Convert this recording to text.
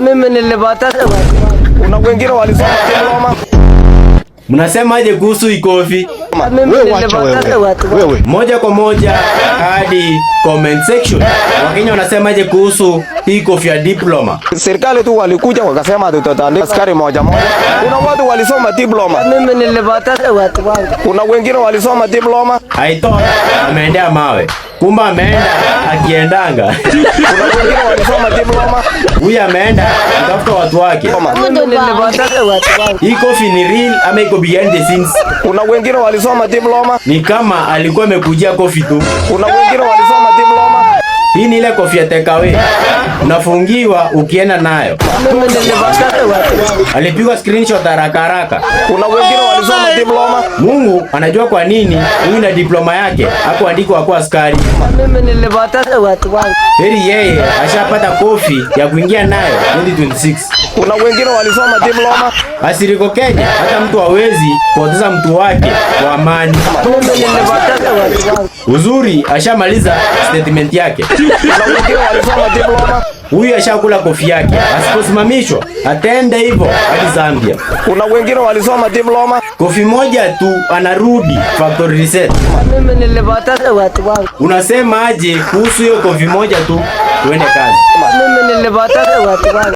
Mimi nilipata kuna wengine walisoma diploma. Eh, eh. Mnasemaje kuhusu Ikofi? Wewe moja kwa moja hadi comment section. Wakenya wanasemaje kuhusu Ikofi ya diploma? Serikali tu walikuja wakasema tutatandika askari moja moja. Kuna watu walisoma diploma. Mimi nilipata watu wangu. Kuna wengine walisoma diploma. Aitoa ameendea mawe. Kumba ameenda akiendanga. Kuna wengine Huyu ameenda kutafuta watu wake. Hii kofi ni real ama iko behind the scenes? Kuna wengine walisoma diploma. Ni kama alikuwa amekujia kofi tu. Kuna wengine walisoma diploma. Hii ni ile kofia tekawe. Unafungiwa ukienda nayo. Alipigwa screenshot haraka haraka. Kuna wengine walisoma oh diploma. Mungu anajua kwa nini huyu na diploma yake hapo hakuandikwa kuwa askari. Heri yeye ashapata kofi ya kuingia nayo 2026. Kuna wengine walisoma diploma. Asiriko Kenya, hata mtu hawezi kupoteza mtu wake kwa amani. Uzuri ashamaliza statement yake. Huyu ashakula kofi yake, asiposimamishwa atende hivyo hadi Zambia. Kuna wengine walisoma diploma, kofi moja tu anarudi factory reset. Unasema aje kuhusu hiyo kofi moja tu tuende kazi?